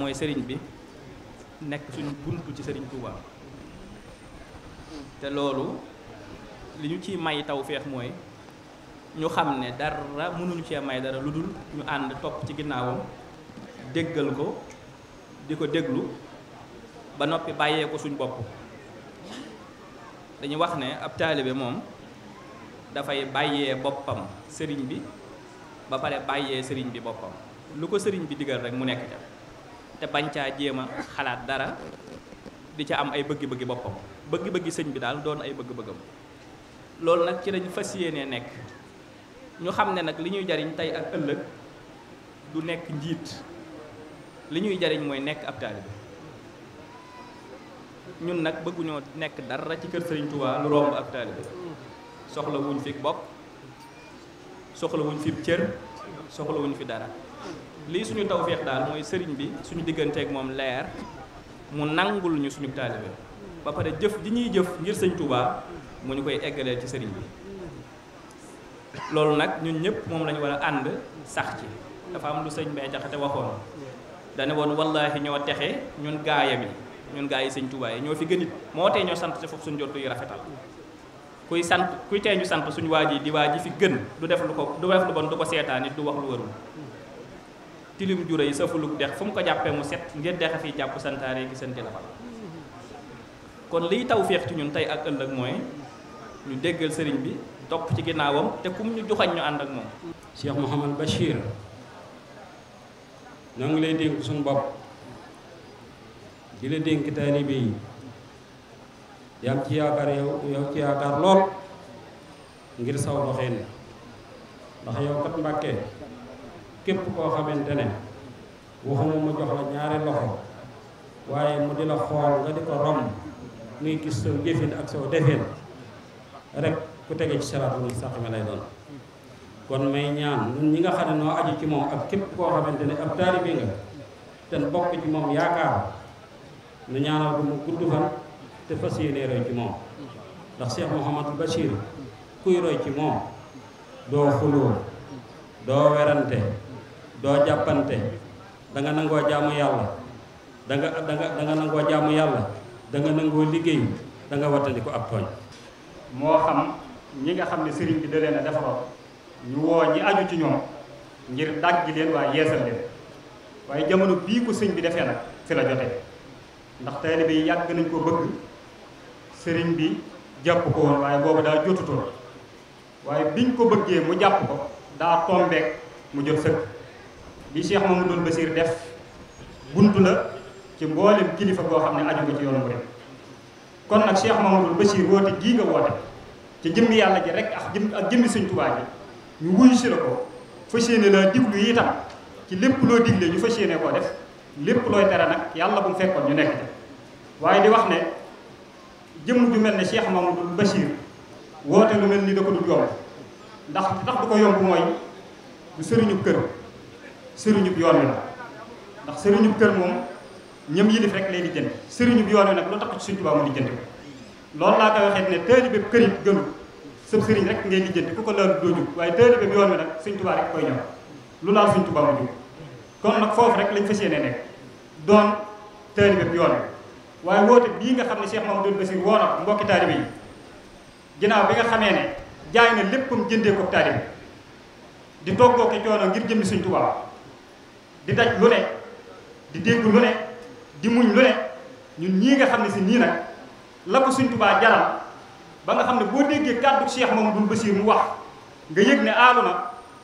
mooy sëriñ bi nekk suñu bunt ci sëriñ Touba te loolu li ñu ciy may taw tawféex mooy ñu xam ne dara mënuñu cee may dara lu dul ñu ànd topp ci ginnaawam déggal ko di ko déglu ba noppi bàyyee ko suñ bopp dañu wax ne ab taalibe moom dafay bàyyee boppam sëriñ bi ba pare bàyyee sëriñ bi boppam lu ko sëriñ bi digal rek mu nekk ca te bañ jéema xalaat dara di ca am ay bëgg-bëggi boppam bëgg-bëggi sëñ bi daal doon ay bëgg-bëggam loolu nag ci lañ fas yéenee nekk ñu xam ne nag li ñuy jariñ tey ak ëllëg du nekk njiit li ñuy jariñ mooy nekk ab taalibe ñun nag bëgguñoo nekk dara ci kër Sëriñ Tuubaa lu romb ab taalibe soxla wuñ fi bokk soxla wuñ fi cër soxlawuñ fi dara lii suñu tawféex daal mooy sëriñ bi suñu digganteeg moom leer mu nangul ñu suñu taalibe ba pare jëf di ñuy jëf ngir sëñ Touba mu ñu koy eggaleel ci sëriñ bi loolu nag ñun ñëpp moom lañu war a ànd sax ci dafa am lu sëñ Mbaye Jaxate waxoon dane woon wallaahi ñoo texe ñun gaayam yi ñun gaay yi sëñ Touba yi ñoo fi gënit moo te ñoo sant te foofu suñu jot yu rafetal kuy sant kuy tee ñu sant suñu waaj yi di waa ji fi gën du def lu ko du def lu bon ko seetaan it du wax lu warul tilim jure yi safulug dex fu mu ko jàppee mu set ngir dex a fi jàpp santaare gi seen la kon liy taw féex ci ñun tey ak ëllëg mooy ñu déggal sëriñ bi topp ci ginnaawam te kum ñu joxañ ñu ànd ak moom Cheikh Mouhamad Bachir ñoo ngi lay dénk suñ bopp di la dénk taalibe yi yam ci yaakaar yow yow ci yaakaar lool ngir saw doxeen ndax yow Mbàkke képp koo xamante ne waxuma mu jox la ñaari loxo waaye mu di la xool nga di ko romb muy gis soo jëfin ak soo defin rek ku tege ci saraatu muy sàq nga lay doon kon may ñaan ñun ñi nga xam ne noo aju ci moom ak képp koo xamante ne ab taalibe nga te bokk ci moom yaakaar nu ñaanal ko mu gudd fan te fas yéene roy ci moom ndax Cheikh Mouhamadou Bachir kuy roy ci moom doo xuloo doo werante doo jàppante danga nga nangoo jaamu yàlla danga nga da nangoo jàmm yàlla da nga nangoo liggéey danga nga ko ab tooñ moo xam ñi nga xam ne sëriñ bi da leen a defaroon ñu woo ñi aju ci ñoom ngir dàgg leen waaye yeesal leen waaye jamono bii ko sëñ bi defee nag fi la jotee ndax taalibe yi yàgg nañ ko bëgg sëriñ bi jàpp ko woon waaye boobu daa jotutoon waaye biñ ko bëggee mu jàpp ko daa tombeek mu jot sëkk li Cheikh Mamadou Bassir def bunt la ci mboolem kilifa goo xam ne aju nga ci yoonu murid kon nag Cheikh Mamadou Bassir woote gii nga woote ci jëmmi yàlla ji rek ak jëm ak jëmmi Sëñ Tuubaa ji ñu wuyu si la ko fas yéene laa ci lépp loo digle ñu fas yéene koo def lépp looy tere nag yàlla bu mu fekkoon ñu nekk waaye di wax ne jëmm ju mel ne Cheikh Mamadou Bassir woote lu mel ni da ko du yomb ndax tax du ko yomb mooy du sëriñu kër sëriñub yoon wi la ndax sëriñub kër moom ñëm yi di rek lay lijjanti sëriñub yoon wi nag lu tax ci Sëriñ Tuubaa mu lijjanti ko loolu laa koy sëriñ rek ngay lijjanti ku ko laal doo jóg waaye taalibe yoon wi nag Sëriñ Tuubaa rek koy ñëw lu laal Sëriñ Tuubaa mu jóg kon nag foofu rek lañ fas yéene nekk doon taalibe yoon wi waaye woote bii nga xam ne Cheikh Mamadou Bassir woo na mbokki taalibe yi ginnaaw bi nga xamee ne jaay na léppam jëndee ko taalibe di toggoo ki coono ngir jëmmi Sëriñ Tuubaa di daj lu ne di dégg lu ne di muñ lu ne ñun ñii nga xam ne si nii nag la ko Sëriñ Tuubaa jaral ba nga xam ne boo déggee kàddu Cheikh Mamadou Bassir mu wax nga yëg ne aalu na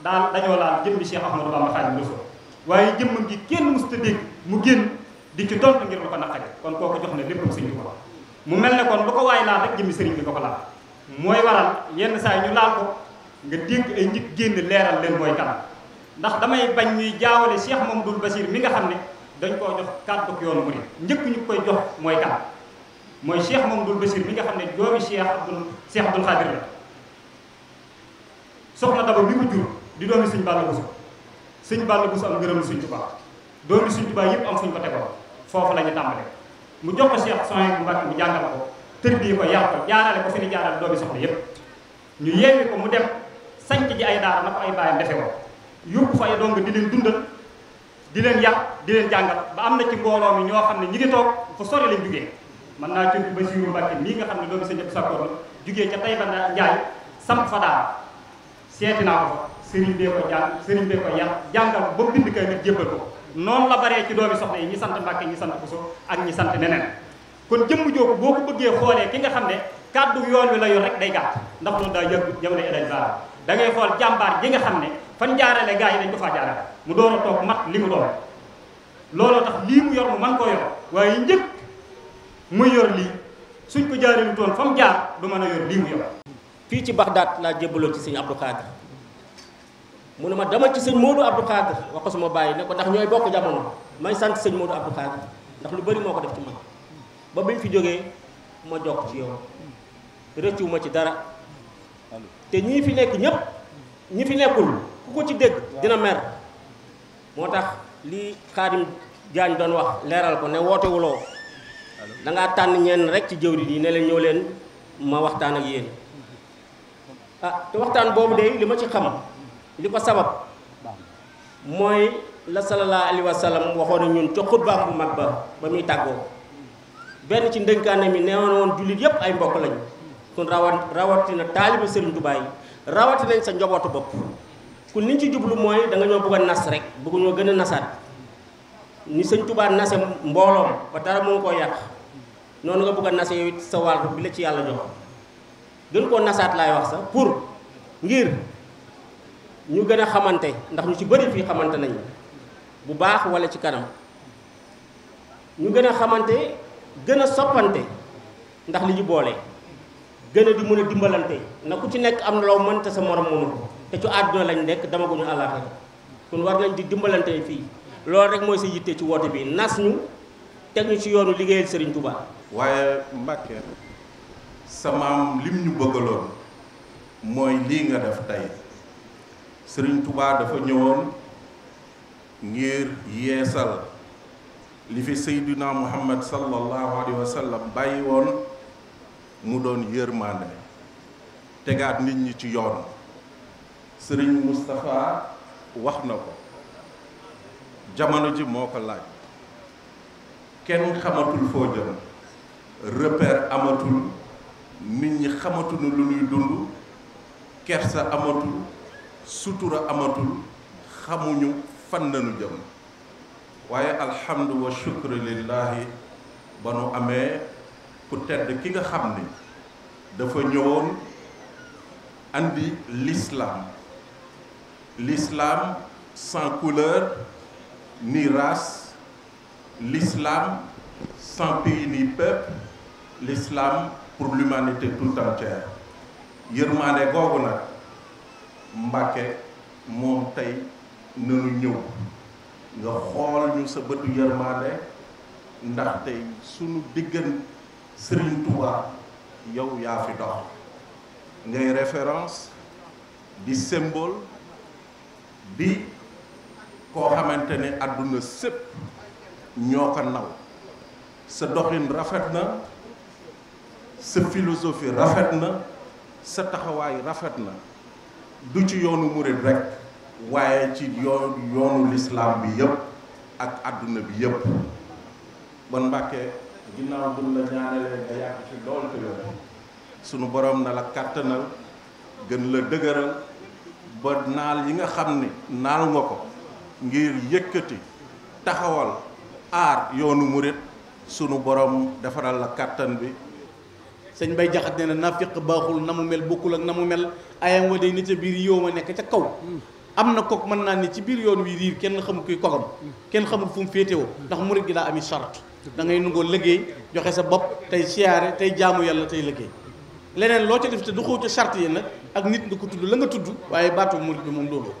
daal dañoo laal jëmmi Cheikh Ahmadou Bamba Xaadimu Rasuul waaye jëmmam gi kenn mosut a dégg mu génn di ci tontu ngir lu ko naqari kon kooku jox na lépp Sëriñ Tuubaa mu mel ne kon lu ko waay laal rek jëmmi sëriñ bi nga ko laal mooy waral yenn saa yi ñu laal ko nga dégg ay nit génn leeral leen mooy kanam ndax damay bañ ñuy jaawale Cheikh Mamadou Bachir mi nga xam ne dañ koo jox kàddu ak yoonu murid njëkk ñu koy jox mooy kan mooy Cheikh Mamadou Bachir mi nga xam ne doomi Cheikh Abdoul Cheikh Abdoul Khadir la soxna Daba bi ko jur di doomi Sëñ Balla Bousso Sëñ Balla Bousso am ngërëmu Sëñ Tuubaa doomi Sëñ Tuubaa yëpp am fuñ ko tegoon foofu la ñu tàmbale mu jox ko Cheikh Sohaïbou bu Mbacké mu jàngal ko tërbiye ko yar ko jaarale ko fi ni jaaral doomi soxna yëpp ñu yéewi ko mu dem sanc ji ay daara na ay bàyyam defe woon yóbbu fa ay dong di leen dundal di leen yar di leen jàngal ba am na ci mbooloo mi ñoo xam ne ñi ngi toog fu sori lañ jugee mën naa ba Basiiru Mbàkke mii nga xam ne doomi Sëñ Abdu sa la jugee ca Tayba Njaay samp fa daara seeti naa ko sëriñ bee ko jàng sëriñ bee ko yar jàngal ba bind kay nag jébbal ko noonu la baree ci doomi soxna yi ñi sant Mbàkke ñi sant Buso ak ñi sant neneen kon jëmm joobu boo ko bëggee xoolee ki nga xam ne kàddu yoon bi la yor rek day gàtt ndax loolu daa yëg jamono Elhadji Bara da ngay xool jàmbaar ji nga xam ne fan jaarale gars yi dañ ko faa jaarale mu door a toog mat li mu doon looloo tax lii mu yor mu man koo yor waaye njëkk muy yor lii suñ ko jaarelu toon fa mu jaar du man a yor lii mu yor fii ci Baxdaad laa jébbaloo ci sëñ Abdou Khadre mu ne ma dama ci sëñ Modou Abdou Khadre wax ko suma bàyyi ne ko ndax ñooy bokk jamono may sant sëñ Modou Abdou Khadre ndax lu bari moo ko def ci man ba bi fi jógee ma jokk ci yow rëccuwuma ci dara te ñii fi nekk ñëpp ñi fi nekkul kuko ci deg dina mer motax li khadim jaañ don wax leral ko ne wulo da nga tan ñen rek ci jewri yi ne leen len ma waxtaan ak yeen ah te waxtaan bom de li ma ci xam li ko sabab moy la sallallahu alaihi wasallam waxone ñun ci khutba bu mag ba ba mi taggo ben ci ndënkaane mi neewon won julit yep ay mbokk lañ kon rawat rawat taalibu Sëriñ serigne yi rawat nañ sa njobotu bop kon liñ ci jublu mooy da nga ñoo bëgg a nas rek bëgg ñoo gën a nasaat ni sëñ tubaat nase mbooloom ba dara mu ngi koo yàq noonu nga bëgg a nase yow it sa wàll bi la ci yàlla jox gën koo nasaat laay wax sa pour ngir ñu gën a xamante ndax ñu ci bari fii xamante nañu bu baax wala ci kanam ñu gën a xamante gën a soppante ndax li ñu boole gën a di mun a dimbalante na ku ci nekk am na loo mën te sa morom moomu te ci àdduna lañ nekk dama guñu àllaaxira kon war nañ di dimbalante fii loolu rek mooy sa yitte ci woote bi nas ñu teg ñu ci yoonu liggéeyal sëriñ Touba. waaye Mbacke sama maam lim ñu bëggaloon mooy lii nga def tey sëriñ tubaa dafa ñëwoon ngir yeesal li fi Seydina Muhammad sallallahu alayhi wa bàyyi woon mu doon yërmande tegaat nit ñi ci yoon. sëriñ Moustapha wax na ko jamono ji moo ko laaj kenn xamatul foo jëm repère amatul nit ñi xamatuñu lu ñuy dund kersa amatul sutura amatul xamuñu fan lañu jëm waaye alhamdu wa shukru lillahi ba nu amee ku tedd ki nga xam ni dafa ñëwoon andi l'islam l'islam sans couleur ni race, l'islam sans pays ni peuple, l'islam pour l'humanité tout entière Yermane Ils sont là... moom nous... nanu ñëw sunu référence Des symboles... di koo xamante ne àdduna sépp ñoo ko naw sa doxin rafet na sa philosophie rafet na sa taxawaay rafet na du ci yoonu murid rekk waaye ci yoon yoonu lislaam bi yëpp ak àdduna bi yëpp bon Mbàkke ginnaaw buñ la ñaanalee nga yàgg ci lool te sunu boroom na la kàttanal gën la dëgëral ba naal yi nga xam ne naal nga ko ngir yëkkati taxawal aar yoonu murit sunu borom defaral la kàttan bi sëñ bay jaxat ne na nafiq baaxul na mu mel bokkul ak na mu mel ayam wa day ni ca biir yow ma nekk ca kaw am na kook mën naa ni ci biir yoon wi riir kenn xamul kuy kogam kenn xamul fu mu féetewoo ndax murit gi daa ami charte da ngay nungoo liggéey joxe sa bopp tey siyaare tey jaamu yàlla tey liggéey leneen loo ca def te du xóo ca charte yi nag ak nit nga ko tudd la nga tudd waaye baatu murit bi moom loolu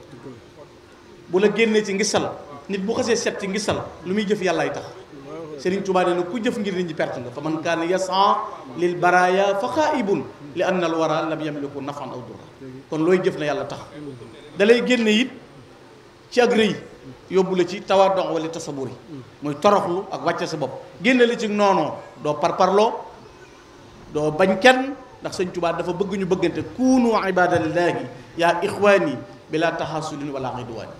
bu la génnee ci ngisal nit bu xasee set ci ngisal lu muy jëf yàllaay tax Serigne Touba nee na ku jëf ngir nit ñi perte nga fa man kaana yasan lil baraya fa xaaibun li anna al wara lam yamliku nafan aw durra kon looy jëf na yàlla tax dalay génne it ci ak rëy yóbbu la ci tawaadoo wala tasaburi muy toroxlu ak wàcce sa bopp génne la ci noonoo doo parparloo ndax sëñ tubaa dafa bëgg ñu bëggante kunu ibadalillahi ya ikhwani bila tahasudin wala xidwaani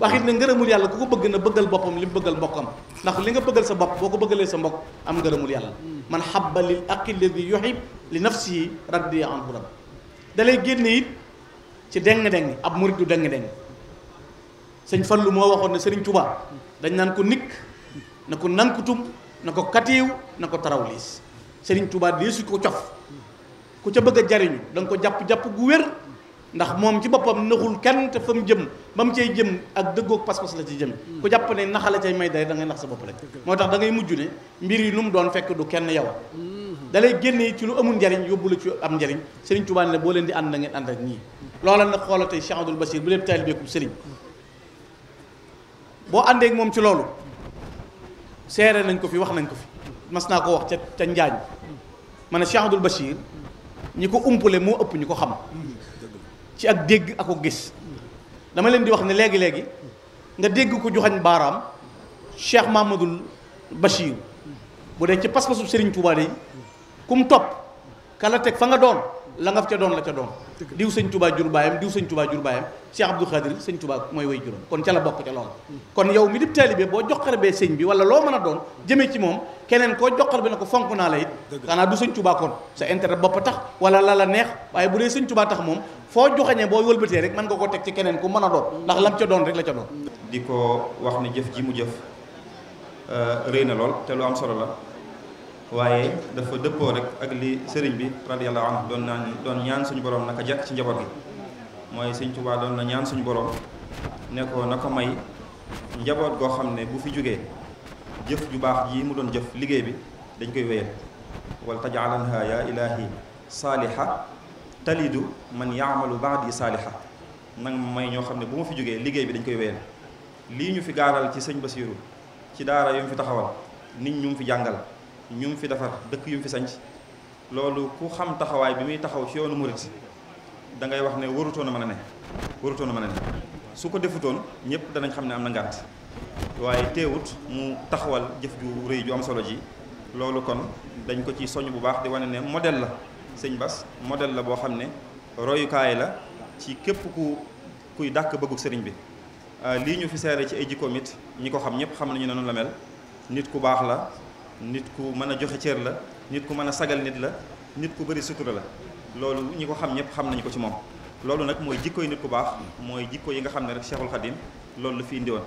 waxit na ngërëmul yalla ku ko bëgg na bëggal bopam lim bëggal bokam ndax li nga bëggal sa bop boko ko sa mbokk am ngërëmul yalla man xabba lil aqil ladhi yuhib li nafsi raddi an rabb dalay genné ci deng-deng ab murid deng-deng sëñ fallu mo waxone ne sëriñ dañ nan ko nik nako nankutum nako katiw nako tarawlis serigne touba desu ko cof ku ca bëgg jariñu dang ko japp japp gu wër ndax mom ci bopam naxul kenn te fam jëm bam cey jëm ak deggo pass pass la ci jëm ku japp ne naxala cey may day da ngay nax sa bop rek motax da ngay mujju ne mbir yi lum doon fekk du kenn yow dalay génne ci lu amul jariñ yobul ci am jariñ serigne touba ne bo leen di and na ngeen and ak ñii loola na xolate cheikh abdul basir bu leen tayal beekum serigne bo àndee ak mom ci lolu séré nañ ko fi wax nañ ko fi mas naa ko wax ca ca njaañ ma ne Cheikh Abdoul Bachir ñi ko umpale moo ëpp ñu ko xam ci ak dégg ak ko gis dama leen di wax ne léegi-léegi nga dégg ko joxañ baaraam Cheikh Mahmadul Bachir bu dee ci pas-pasub Serigne Touba yi ku mu topp kala fa nga doon la nga ca doon la ca doon diw sëñ tubaa jur baayam diw sëñ tubaa jur baayam Cheikh Abdou Khadir sëñ tubaa mooy way juróom kon ca la bokk ca loolu hmm. kon yow mi di taalibe boo joxar bee sëñ bi wala loo mën a doon jëmee ci moom keneen koo joxar bi na ko fonk naa la it xanaa du sëñ tubaa kon sa intérêt bopp tax wala la la neex waaye bu dee sëñ tubaa tax moom foo joxañee boo wëlbatee rek man nga koo teg ci keneen ku mën a doon hmm. ndax lam ca doon rek la ca doon di ko wax ne jëf ji mu jëf euh, rëy na lool te lu solo la waaye dafa dëppoo rek ak li sëriñ bi radiyallahu anhu doon naan doon ñaan suñu borom naka jekk ci njaboot gi mooy sëñ Tuubaa doon na ñaan suñu borom ne ko na ko may njaboot goo xam ne bu fi jógee jëf ju baax ji mu doon jëf liggéey bi dañ koy wéyal wal tajaalanha ya ilahi saaliha talidu man yaamalu baadi saaliha nag may ñoo xam ne bu ma fi jógee liggéey bi dañ koy wéyal lii ñu fi gaaral ci sëñ Basiiru ci daara yu mu fi taxawal nit ñu mu fi jàngal ñu mu fi defar dëkk yu fi sañc loolu ku xam taxawaay bi muy taxaw ci yoonu murit da ngay wax ne warutoon a mën a ne warutoon a mën a ne su ko defutoon ñëpp danañ xam ne am na ngànt waaye teewut mu taxawal jëf ju rëy ju am solo ji loolu kon dañ ko ci soñ bu baax di wane ne modèle la sëñ Bas modèle la boo xam ne royukaay la ci képp ku kuy dàkk bëggug sëriñ bi euh, lii ñu fi seere ci ay jikkoom it ñi ko xam ñëpp xam nañu ne noonu la mel nit ku baax la nit ku mën joxe cër la nit ku mën sagal nit la nit ku bëri sutura la loolu ñi ko xam ñep xam nañ ko ci mom loolu nak moy jikko nit ku baax moy jikko yi nga xam ne rek Cheikhul Khadim loolu la fi indi won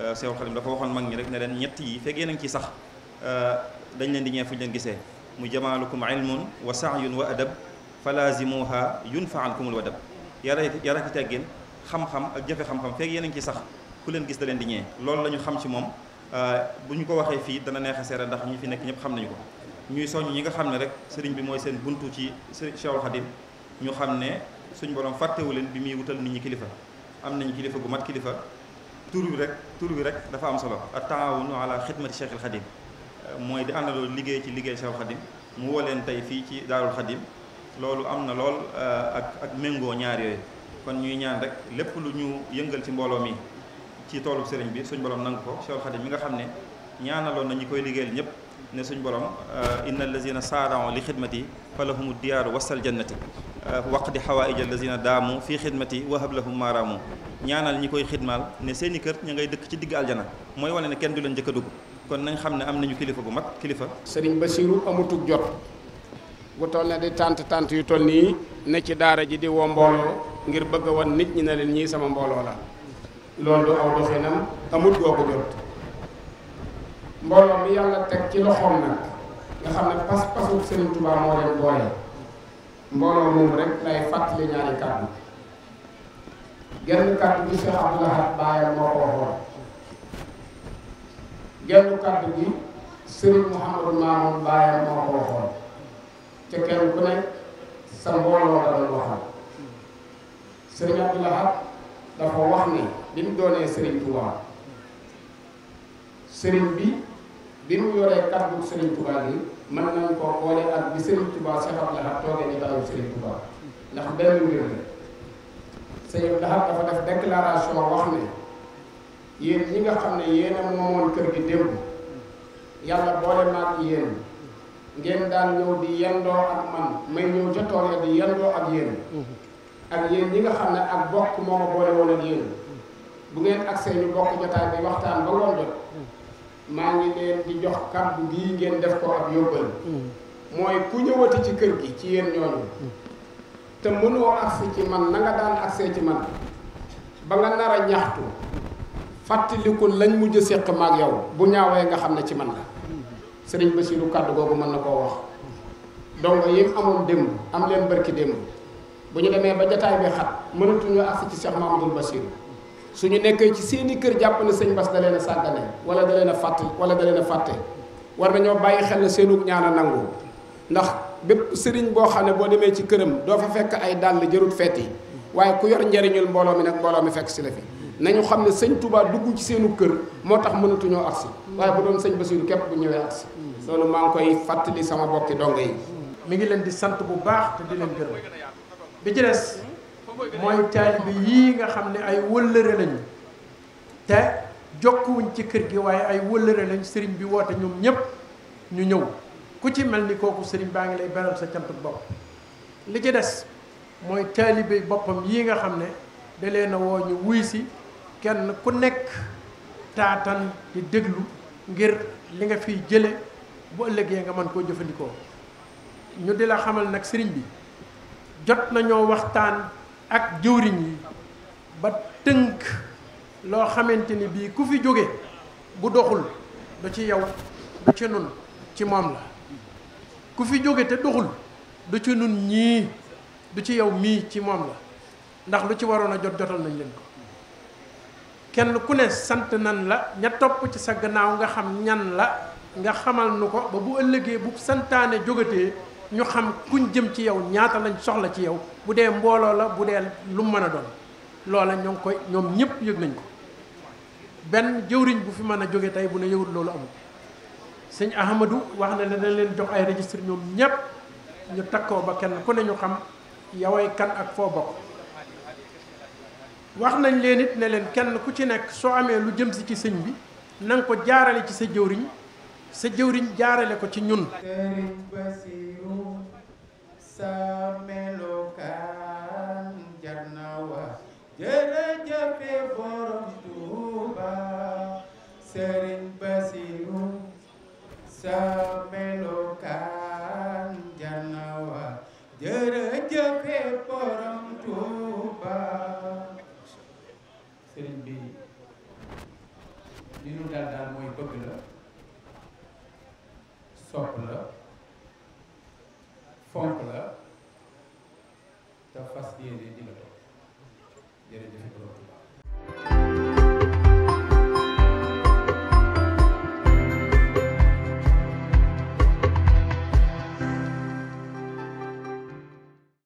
euh Cheikhul Khadim dafa waxon mag ñi rek ne len ñet yi fekk yéen ci sax euh dañ leen di ñee fu leen gisee mu jamalukum ilmun wa sa'yun wa adab falazimuha yunfa ankumul wadab yara yara ki teggin xam-xam ak jafe xam-xam fekk yéen ci sax ku leen gis da leen di ñe loolu lañu xam ci mom Euh, bu ñu ko waxee fii dana neex a seere ndax ñi fi nekk ñëpp xam nañu ko ñuy soññ ñi nga xam ne rek sëriñ bi mooy seen buntu ci Cheikhul Khadim ñu xam ne suñ borom fàttewu leen bi muy wutal nit ñi kilifa am nañu kilifa gu mat kilifa tur bi rek tur bi rek dafa am solo at ak taawunu ala xidmati Cheikhul Khadim euh, mooy di àndaloo liggéey ci liggéey Cheikhul Khadim mu woo leen tey fii ci Daarul Khadim loolu am na lool euh, ak ak méngoo ñaar yooyu kon ñuy ñaan rek lépp lu ñu yëngal ci mbooloo mi ci toolub sëriñ bi suñ borom nang ko Cheikh Khadim mi nga xamne ne ñaanaloon na ñi koy liggéeyal ñep ne suñ borom innal ladhina saarao li khidmati fa diyar wasal jannati waqdi hawaij alladhina damu fi khidmati wa ma ramu ñaanal ñi koy xidmaal ne seeni kër ña ngay dëkk ci digg aljana moy wone ne kenn du leen njëkk dugg kon nañ xamne am nañu kilifa bu mat kilifa sëriñ Basiru amutug jot bu toll ne di tante tante yu toll nii ne ci daara ji di wo mbolo ngir bëgg won nit ñi ne leen ñi sama mbolo la lool du aw doxinam amut doo jot mbooloo mi yàlla teg ci loxoom nag nga xam ne pas-pasu Sëriñ Tuubaa moo leen boole mbooloo moom rek lay fàttali ñaari kàddu genn kàddu gi Cheikh Abdou Lahad baayam baayam moo ko waxoon te kenn nekk sa mbooloo la doon waxal Sëriñ Abdou Lahad dafa wax ni bi mu doonee Serigne Touba Serigne bi bi mu yoree kàddu Serigne Touba gi mën nañ ko boole ak bi Serigne Touba Cheikh Abdou toogee jotaayu Serigne Touba ndax benn mbir de Serigne Lahad dafa def déclaration wax ne yéen ñi nga xam ne yéen a moomoon kër gi démb yàlla boole maag yéen ngeen daan ñëw di yendoo ak man may ñëw ca tool ya di yendoo ak yéen mm-hmm. ak yéen ñi nga xam ne ak bokk moo ma boole woon ak yéen bu ngeen ak seenu mbokk jotaay bi waxtaan ba lool jot maa ngi leen di jox kaddu gii ngeen def ko ak yóbbal mooy ku ñëwati ci kër gi ci yéen ñooñu te mënoo agsi ci man na nga daan agsee ci man ba nga nar a ñaxtu fàttaliku lañ mujj séq maag yow bu ñaawee nga xam ne ci man la sëriñ Bassirou kaddu googu mën na koo wax donc yi amoon démb am leen barki démb bu ñu demee ba jataay bi xat mënatuñu agsi ci Cheikh Mamadou Bassirou suñu nekkee ci seeni kër jàpp ne sëñ Bass da leen a sàggane wala da leen a fàtte wala da leen fàtte war nañoo bàyyi xel na seenu ñaan a nangu ndax bépp sëriñ boo xam ne boo demee ci këram doo fa fekk ay dàll jërut feet yi waaye ku yor njariñul mbooloo mi nag mbooloo mi fekk si la fi nañu xam ne sëñ Touba dugg ci seenu kër moo tax mënatuñoo agsi waaye bu doon sëñ Bassirou képp bu ñëwee agsi loolu maa ngi koy fàttali sama bokki dongo yi mi ngi leen di sant bu baax di leen gërëm mooy taalibe yii nga xam ne ay wëllëre lañu te jokkuwuñ ci kër gi waaye ay wëllëre lañ sëriñ bi woote ñoom ñépp ñu ñëw ku ci mel ni kooku sëriñ baa ngi lay beral sa cant bopp li ci des mooy taalibe boppam yi nga xam ne da leen woo ñu wuy si kenn ku nekk taatan di déglu ngir li nga fiy jële bu ëllëgee nga mën koo jëfandikoo ñu di la xamal nag sëriñ bi jot nañoo waxtaan ak jëwriñ yi ba tënk loo xamante ni bii ku fi jóge bu doxul du ci yow du ci nun ci moom la ku fi jóge te doxul du ci nun ñii du ci yow mii ci moom la ndax lu ci waroon a jot jotal nañ leen ko kenn ku ne sant nan la ña topp ci sa gannaaw nga xam ñan la nga xamal nu ko ba bu ëllëgee bu santaane jógatee ñu xam kuñ jëm ci yow ñaata lañ soxla ci yow bu dee mbooloo la bu dee lu mën a doon loola ñoo ñoom ñëpp yëg nañ ko benn jëwriñ bu fi mën a jóge tey bu ne yëwut loolu amul sëñ Ahmadou wax nañ ne dañ leen jox ay registre ñoom ñëpp ñu takkoo ba kenn ku ne ñu xam yaway kan ak foo bokk wax nañ leen it ne leen kenn ku ci nekk soo amee lu jëm ci sëñ bi na ko jaarale ci sa jëwriñ sa jëwriñ jaarale ko ci ñun. sa melokaan jar na wax jërëjëfe borom Tuuba Sëriñ di, di, di